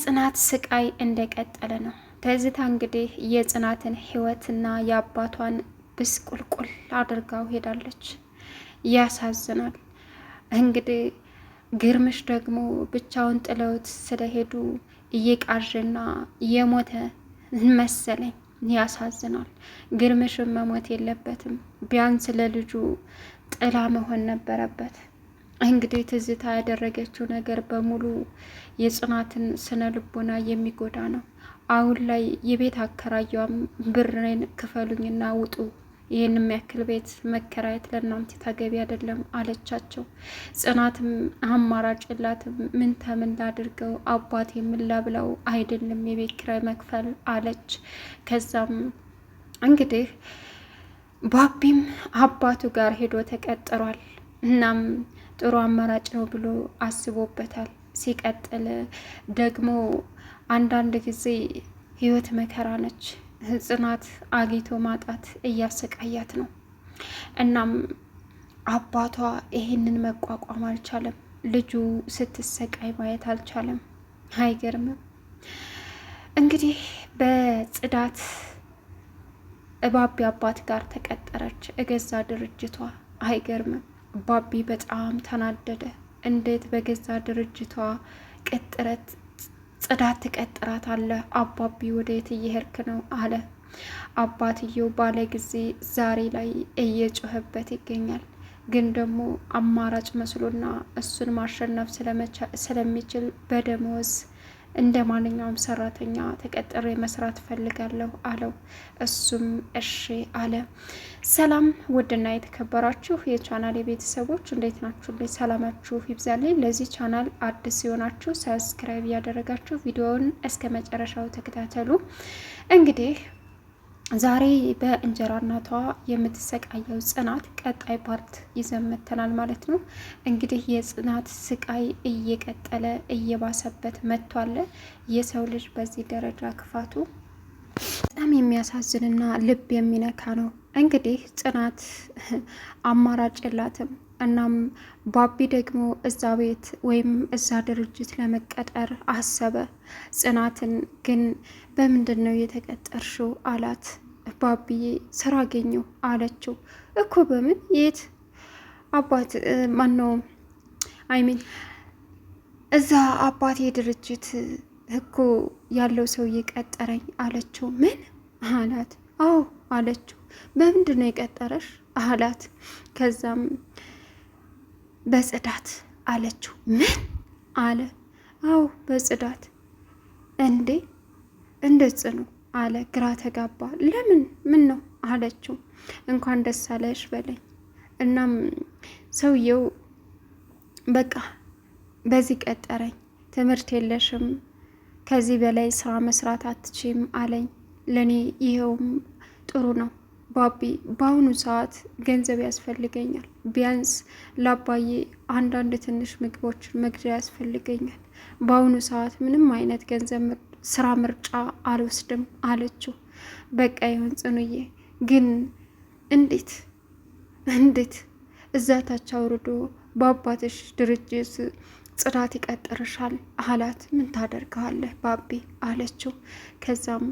የጽናት ስቃይ እንደቀጠለ ነው። ትዝታ እንግዲህ የጽናትን ህይወትና የአባቷን ብስቁልቁል አድርጋው ሄዳለች። ያሳዝናል። እንግዲህ ግርምሽ ደግሞ ብቻውን ጥለውት ስለሄዱ እየቃዥና የሞተ መሰለኝ። ያሳዝናል። ግርምሽም መሞት የለበትም። ቢያንስ ለልጁ ጥላ መሆን ነበረበት። እንግዲህ ትዝታ ያደረገችው ነገር በሙሉ የጽናትን ስነ ልቦና የሚጎዳ ነው። አሁን ላይ የቤት አከራያም ብርን ክፈሉኝና ውጡ፣ ይህን የሚያክል ቤት መከራየት ለእናንተ ተገቢ አይደለም አለቻቸው። ጽናትም አማራጭ የላትም። ምን ተምን ላድርገው አባቴ ምን ላብለው አይደለም የቤት ኪራይ መክፈል አለች። ከዛም እንግዲህ ባቢም አባቱ ጋር ሄዶ ተቀጥሯል። እናም ጥሩ አማራጭ ነው ብሎ አስቦበታል። ሲቀጥል ደግሞ አንዳንድ ጊዜ ህይወት መከራ ነች። ጽናት አግኝቶ ማጣት እያሰቃያት ነው። እናም አባቷ ይሄንን መቋቋም አልቻለም። ልጁ ስትሰቃይ ማየት አልቻለም። አይገርምም? እንግዲህ በጽዳት እባቢ አባት ጋር ተቀጠረች፣ እገዛ ድርጅቷ። አይገርምም? ባቢ በጣም ተናደደ። እንዴት በገዛ ድርጅቷ ቅጥረት ጽዳት ትቀጥራት አለ አባቢ ወደ የት እየሄድክ ነው አለ። አባትየው ባለ ጊዜ ዛሬ ላይ እየጮኸበት ይገኛል። ግን ደግሞ አማራጭ መስሎና እሱን ማሸነፍ ስለሚችል በደሞዝ እንደ ማንኛውም ሰራተኛ ተቀጥሬ መስራት ፈልጋለሁ አለው። እሱም እሺ አለ። ሰላም ውድና የተከበራችሁ የቻናል የቤተሰቦች እንዴት ናችሁ? ላይ ሰላማችሁ ይብዛልኝ። ለዚህ ቻናል አዲስ ሲሆናችሁ ሰብስክራይብ ያደረጋችሁ ቪዲዮውን እስከ መጨረሻው ተከታተሉ። እንግዲህ ዛሬ በእንጀራ እናቷ የምትሰቃየው ጽናት ቀጣይ ፓርት ይዘመተናል ማለት ነው። እንግዲህ የጽናት ስቃይ እየቀጠለ እየባሰበት መጥቷል። የሰው ልጅ በዚህ ደረጃ ክፋቱ በጣም የሚያሳዝንና ልብ የሚነካ ነው። እንግዲህ ጽናት አማራጭ የላትም። እናም ባቢ ደግሞ እዛ ቤት ወይም እዛ ድርጅት ለመቀጠር አሰበ። ጽናትን ግን በምንድን ነው የተቀጠርሽው? አላት። ባብዬ ስራ አገኘሁ አለችው። እኮ በምን የት? አባት ማነው አይሚን እዛ አባቴ ድርጅት እኮ ያለው ሰው ቀጠረኝ አለችው። ምን አላት? አዎ አለችው። በምንድን ነው የቀጠረሽ አላት። ከዛም በጽዳት አለችው። ምን አለ? አዎ በጽዳት። እንዴ እንደ ጽኑ አለ። ግራ ተጋባ። ለምን ምን ነው አለችው። እንኳን ደስ አለሽ በለኝ። እናም ሰውየው በቃ በዚህ ቀጠረኝ። ትምህርት የለሽም ከዚህ በላይ ስራ መስራት አትችም አለኝ። ለእኔ ይኸውም ጥሩ ነው ባቢ። በአሁኑ ሰዓት ገንዘብ ያስፈልገኛል። ቢያንስ ለአባዬ አንዳንድ ትንሽ ምግቦችን መግዣ ያስፈልገኛል። በአሁኑ ሰዓት ምንም አይነት ገንዘብ ስራ ምርጫ አልወስድም አለችው። በቃ ይሁን ጽኑዬ፣ ግን እንዴት እንዴት እዛ ታች አውርዶ በአባትሽ ድርጅት ጽዳት ይቀጥርሻል አላት። ምን ታደርገዋለህ ባቤ አለችው። ከዛም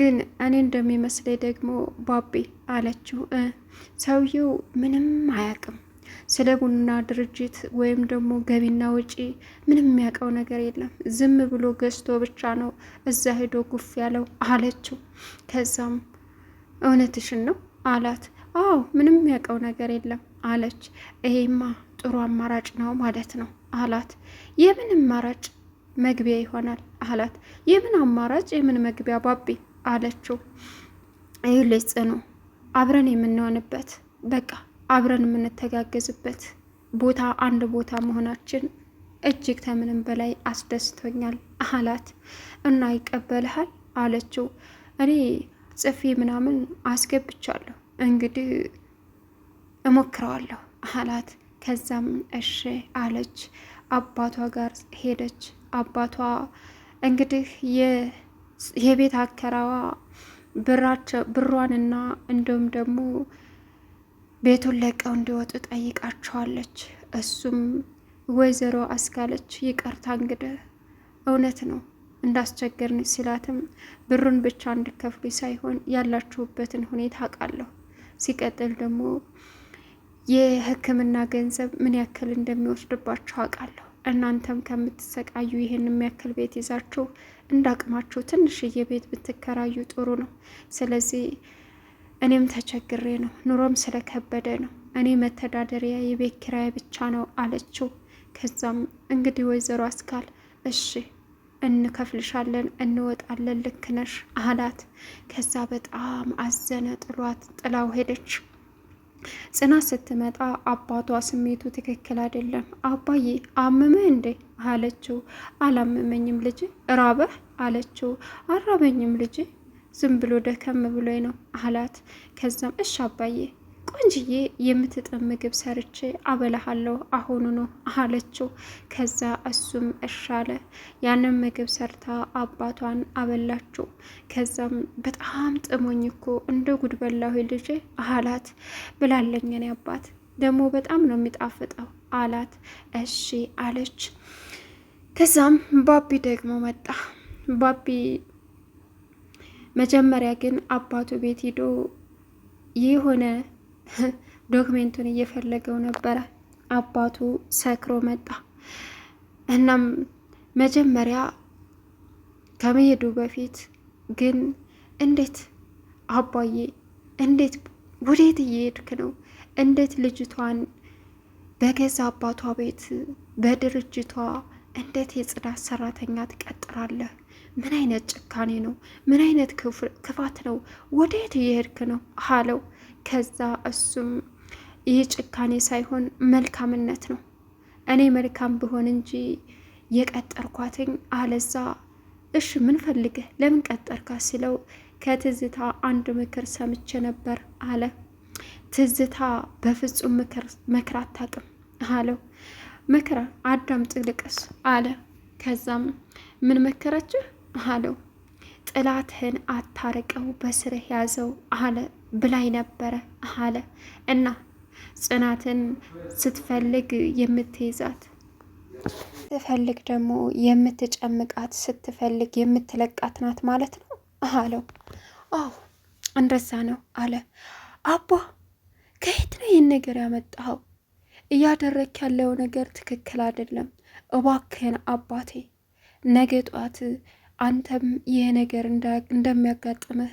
ግን እኔ እንደሚመስለኝ ደግሞ ባቤ አለችው፣ ሰውየው ምንም አያውቅም ስለ ቡና ድርጅት ወይም ደግሞ ገቢና ውጪ ምንም የሚያውቀው ነገር የለም። ዝም ብሎ ገዝቶ ብቻ ነው እዛ ሄዶ ጉፍ ያለው አለችው። ከዛም እውነትሽን ነው አላት። አዎ ምንም የሚያውቀው ነገር የለም አለች። ይሄማ ጥሩ አማራጭ ነው ማለት ነው አላት። የምን አማራጭ መግቢያ ይሆናል አላት። የምን አማራጭ የምን መግቢያ ባቢ አለችው። ይህ ጽኑ አብረን የምንሆንበት በቃ አብረን የምንተጋገዝበት ቦታ አንድ ቦታ መሆናችን እጅግ ከምንም በላይ አስደስቶኛል አላት። እና ይቀበልሃል አለችው። እኔ ጽፌ ምናምን አስገብቻለሁ እንግዲህ እሞክረዋለሁ አላት። ከዛም እሺ አለች። አባቷ ጋር ሄደች። አባቷ እንግዲህ የቤት አከራዋ ብሯንና እንዲሁም ደግሞ ቤቱን ለቀው እንዲወጡ ጠይቃቸዋለች። እሱም ወይዘሮ አስካለች ይቅርታ እንግዲህ እውነት ነው እንዳስቸገርን ሲላትም ብሩን ብቻ እንድከፍሉ ሳይሆን ያላችሁበትን ሁኔታ አውቃለሁ። ሲቀጥል ደግሞ የሕክምና ገንዘብ ምን ያክል እንደሚወስድባችሁ አውቃለሁ። እናንተም ከምትሰቃዩ ይህን የሚያክል ቤት ይዛችሁ እንዳቅማችሁ ትንሽዬ ቤት ብትከራዩ ጥሩ ነው። ስለዚህ እኔም ተቸግሬ ነው፣ ኑሮም ስለከበደ ነው። እኔ መተዳደሪያ የቤት ኪራይ ብቻ ነው አለችው። ከዛም እንግዲህ ወይዘሮ አስካል እሺ እንከፍልሻለን፣ እንወጣለን፣ ልክ ነሽ አላት። ከዛ በጣም አዘነ፣ ጥሏት ጥላው ሄደች። ጽናት ስትመጣ አባቷ ስሜቱ ትክክል አይደለም። አባዬ አመመ እንዴ አለችው። አላመመኝም ልጅ፣ ራበህ አለችው። አራበኝም ልጅ ዝም ብሎ ደከም ብሎኝ ነው አላት። ከዛም እሽ አባዬ ቆንጅዬ የምትጥም ምግብ ሰርቼ አበላሃለሁ አሁኑ ነው አለችው። ከዛ እሱም እሻለ ያንን ምግብ ሰርታ አባቷን አበላችው። ከዛም በጣም ጥሞኝ እኮ እንደ ጉድ በላሁ ልጄ አላት። ብላለኝን አባት ደግሞ በጣም ነው የሚጣፍጠው አላት። እሺ አለች። ከዛም ባቢ ደግሞ መጣ ባቢ መጀመሪያ ግን አባቱ ቤት ሂዶ የሆነ ዶክሜንቱን እየፈለገው ነበረ። አባቱ ሰክሮ መጣ። እናም መጀመሪያ ከመሄዱ በፊት ግን እንዴት አባዬ፣ እንዴት ወዴት እየሄድክ ነው? እንዴት ልጅቷን በገዛ አባቷ ቤት በድርጅቷ እንዴት የጽዳት ሰራተኛ ትቀጥራለህ? ምን አይነት ጭካኔ ነው? ምን አይነት ክፋት ነው? ወደየት እየሄድክ ነው አለው። ከዛ እሱም ይህ ጭካኔ ሳይሆን መልካምነት ነው። እኔ መልካም ብሆን እንጂ የቀጠርኳትኝ አለዛ። እሺ ምን ፈልገህ ለምን ቀጠርካ? ሲለው ከትዝታ አንድ ምክር ሰምቼ ነበር አለ። ትዝታ በፍጹም ምክር አታውቅም አለው። ምክር አዳም ጥልቅስ አለ። ከዛም ምን መከረችህ? አለው። ጥላትህን አታርቀው በስርህ ያዘው አለ ብላይ ነበረ አለ እና ጽናትን ስትፈልግ የምትይዛት ስትፈልግ ደግሞ የምትጨምቃት ስትፈልግ የምትለቃት ናት ማለት ነው አለው። አዎ እንደዛ ነው አለ አባ። ከየት ነው ይህን ነገር ያመጣኸው? እያደረክ ያለው ነገር ትክክል አይደለም። እባክህን አባቴ ነገ ጧት አንተም ይህ ነገር እንደሚያጋጥምህ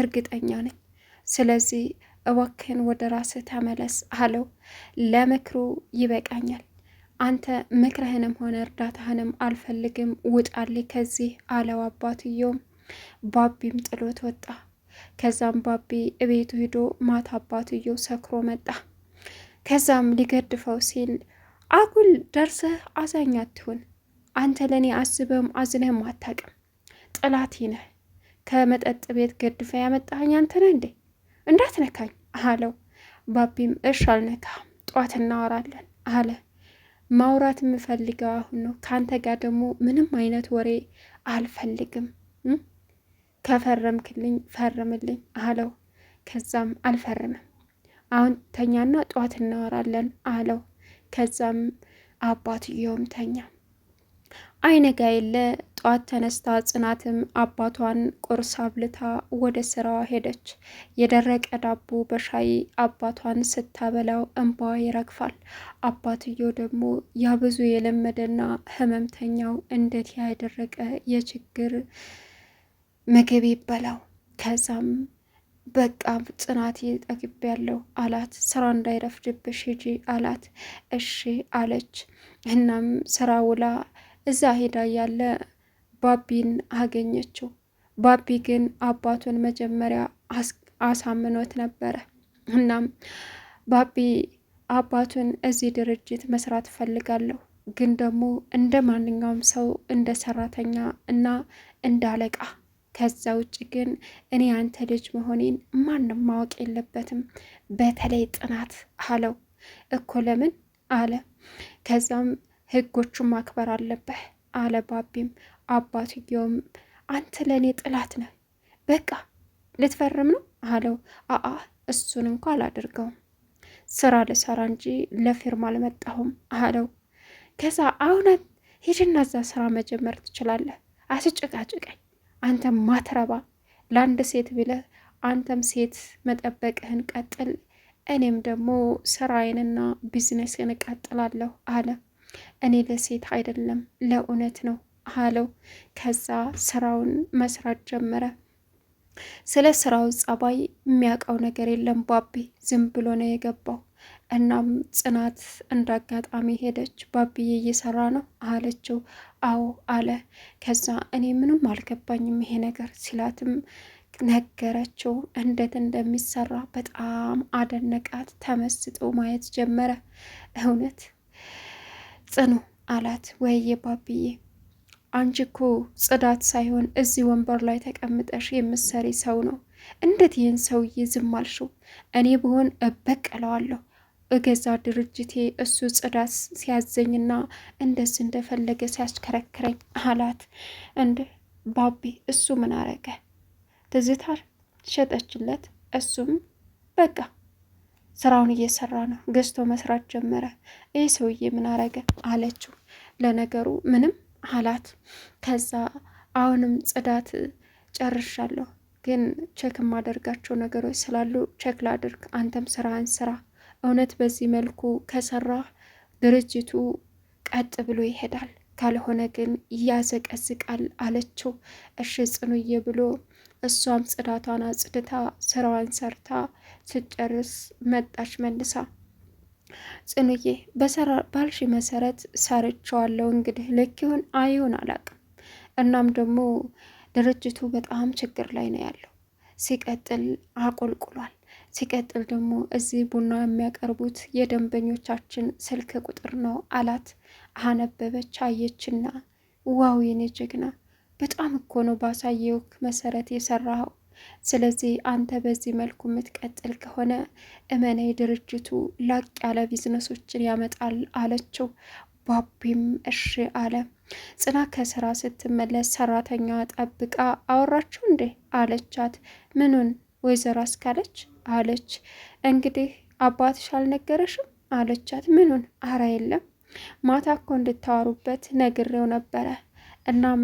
እርግጠኛ ነኝ። ስለዚህ እባክህን ወደ ራስህ ተመለስ አለው። ለምክሩ ይበቃኛል። አንተ ምክርህንም ሆነ እርዳታህንም አልፈልግም፣ ውጣልኝ ከዚህ አለው። አባትየውም ባቢም ጥሎት ወጣ። ከዛም ባቢ እቤቱ ሂዶ ማታ አባትየው ሰክሮ መጣ። ከዛም ሊገድፈው ሲል አጉል ደርሰህ አዛኝ አትሁን፣ አንተ ለእኔ አስበም አዝነህም አታውቅም ጠላቴ ነህ። ከመጠጥ ቤት ገድፈ ያመጣኸኝ አንተ ነህ እንዴ? እንዳትነካኝ አለው። ባቢም እሽ አልነካም፣ ጠዋት እናወራለን አለ። ማውራት የምፈልገው አሁን ነው። ከአንተ ጋር ደግሞ ምንም አይነት ወሬ አልፈልግም። ከፈረምክልኝ ፈርምልኝ አለው። ከዛም አልፈርምም፣ አሁን ተኛና ጠዋት እናወራለን አለው። ከዛም አባትየውም ተኛ። አይነጋ የለ ጠዋት ተነስታ ጽናትም አባቷን ቁርስ አብልታ ወደ ስራዋ ሄደች። የደረቀ ዳቦ በሻይ አባቷን ስታበላው እንባዋ ይረግፋል። አባትየው ደግሞ ያ ብዙ የለመደና ህመምተኛው እንዴት ያደረቀ የችግር ምግብ ይበላው። ከዛም በቃ ጽናት ጠግብ ያለው አላት። ስራ እንዳይረፍድብሽ ሂጂ አላት። እሺ አለች። እናም ስራ ውላ እዛ ሄዳ ያለ ባቢን አገኘችው። ባቢ ግን አባቱን መጀመሪያ አሳምኖት ነበረ። እናም ባቢ አባቱን እዚህ ድርጅት መስራት ፈልጋለሁ፣ ግን ደግሞ እንደ ማንኛውም ሰው እንደ ሰራተኛ እና እንደ አለቃ፣ ከዛ ውጭ ግን እኔ አንተ ልጅ መሆኔን ማንም ማወቅ የለበትም፣ በተለይ ጥናት አለው። እኮ ለምን አለ። ከዛም ህጎቹን ማክበር አለብህ አለ ባቢም አባትየውም አንተ ለእኔ ጥላት ነህ፣ በቃ ልትፈርም ነው አለው። አአ እሱን እንኳ አላደርገውም ስራ ልሰራ እንጂ ለፊርማ አልመጣሁም አለው። ከዛ አሁን ሂድና እዛ ስራ መጀመር ትችላለህ፣ አስጭቃጭቀኝ አንተም ማትረባ ለአንድ ሴት ብለህ አንተም ሴት መጠበቅህን ቀጥል፣ እኔም ደግሞ ስራዬንና ቢዝነስን እቀጥላለሁ አለ። እኔ ለሴት አይደለም ለእውነት ነው አለው። ከዛ ስራውን መስራት ጀመረ። ስለ ስራው ጸባይ የሚያውቀው ነገር የለም። ባቤ ዝም ብሎ ነው የገባው። እናም ጽናት እንዳጋጣሚ ሄደች። ባብዬ እየሰራ ነው አለችው። አዎ አለ። ከዛ እኔ ምንም አልገባኝም ይሄ ነገር ሲላትም ነገረችው እንዴት እንደሚሰራ። በጣም አደነቃት። ተመስጦ ማየት ጀመረ። እውነት ጽኑ አላት። ወይዬ ባብዬ አንቺ እኮ ጽዳት ሳይሆን እዚህ ወንበር ላይ ተቀምጠሽ የምትሰሪ ሰው ነው። እንዴት ይህን ሰውዬ ዝም አልሽው? እኔ ብሆን እበቀለዋለሁ። እገዛ ድርጅቴ እሱ ጽዳት ሲያዘኝና እንደስ እንደፈለገ ሲያሽከረክረኝ አላት። እንደ ባቢ እሱ ምን አረገ? ትዝታር ሸጠችለት። እሱም በቃ ስራውን እየሰራ ነው፣ ገዝቶ መስራት ጀመረ። ይህ ሰውዬ ምን አረገ አለችው። ለነገሩ ምንም አላት። ከዛ አሁንም ጽዳት ጨርሻለሁ፣ ግን ቼክ የማደርጋቸው ነገሮች ስላሉ ቼክ ላድርግ፣ አንተም ስራህን ስራ። እውነት በዚህ መልኩ ከሰራ ድርጅቱ ቀጥ ብሎ ይሄዳል፣ ካልሆነ ግን ያዘቀዝቃል አለችው። እሺ ጽኑዬ ብሎ እሷም ጽዳቷን አጽድታ ስራዋን ሰርታ ስጨርስ መጣች መልሳ ጽኑዬ በሰራ ባልሽ መሰረት ሰርቸዋለው። እንግዲህ ልክ ይሁን አይሁን አላቅም። እናም ደግሞ ድርጅቱ በጣም ችግር ላይ ነው ያለው። ሲቀጥል አቆልቁሏል። ሲቀጥል ደግሞ እዚህ ቡና የሚያቀርቡት የደንበኞቻችን ስልክ ቁጥር ነው አላት። አነበበች አየችና፣ ዋው የኔ ጀግና፣ በጣም እኮ ነው ባሳየውክ መሰረት የሰራኸው ስለዚህ አንተ በዚህ መልኩ የምትቀጥል ከሆነ እመኔ ድርጅቱ ላቅ ያለ ቢዝነሶችን ያመጣል አለችው። ባቢም እሺ አለ። ጽናት ከስራ ስትመለስ ሰራተኛዋ ጠብቃ አወራችሁ እንዴ አለቻት። ምኑን ወይዘሮ አስካለች አለች። እንግዲህ አባትሽ አልነገረሽም አለቻት። ምኑን? አረ የለም ማታ እኮ እንድታወሩበት ነግሬው ነበረ እናም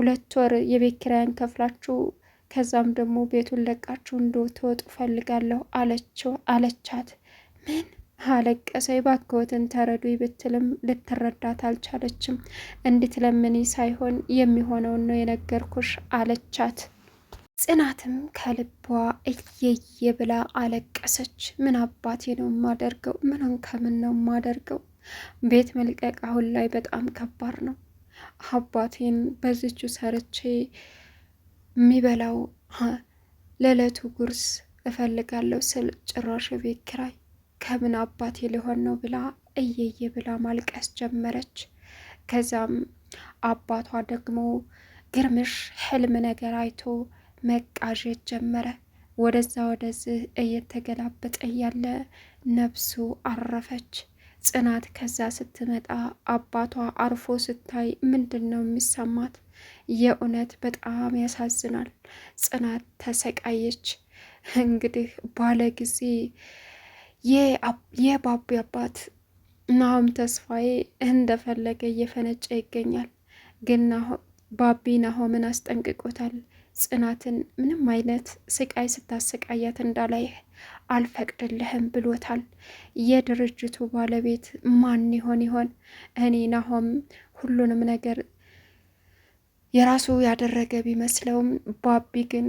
ሁለት ወር የቤት ኪራያን ከፍላችሁ ከዛም ደግሞ ቤቱን ለቃችሁ ትወጡ ፈልጋለሁ አለችው አለቻት። ምን አለቀሰ ባክዎትን ተረዱ ብትልም ልትረዳት አልቻለችም። እንድትለምኒ ሳይሆን የሚሆነውን ነው የነገርኩሽ አለቻት። ጽናትም ከልቧ እየየ ብላ አለቀሰች። ምን አባቴ ነው የማደርገው? ምንን ከምን ነው የማደርገው? ቤት መልቀቅ አሁን ላይ በጣም ከባድ ነው። አባቴን በዝቹ ሰርቼ የሚበላው ለዕለቱ ጉርስ እፈልጋለሁ ስል ጭራሽ ቤት ኪራይ ከምን አባቴ ሊሆን ነው ብላ እየየ ብላ ማልቀስ ጀመረች። ከዛም አባቷ ደግሞ ግርምሽ ህልም ነገር አይቶ መቃዠት ጀመረ። ወደዛ ወደዚህ እየተገላበጠ ያለ ነፍሱ አረፈች። ጽናት ከዛ ስትመጣ አባቷ አርፎ ስታይ ምንድን ነው የሚሰማት? የእውነት በጣም ያሳዝናል። ጽናት ተሰቃየች። እንግዲህ ባለ ጊዜ የባቢ አባት ናሆም ተስፋዬ እንደፈለገ እየፈነጨ ይገኛል ግን ባቢ ናሆምን አስጠንቅቆታል። ጽናትን ምንም አይነት ስቃይ ስታሰቃያት እንዳላይህ አልፈቅድልህም ብሎታል። የድርጅቱ ባለቤት ማን ይሆን ይሆን? እኔ ናሆም ሁሉንም ነገር የራሱ ያደረገ ቢመስለውም ባቢ ግን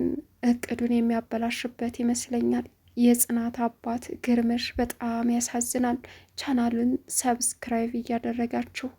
እቅዱን የሚያበላሽበት ይመስለኛል። የጽናት አባት ግርምሽ በጣም ያሳዝናል። ቻናሉን ሰብስክራይብ እያደረጋችሁ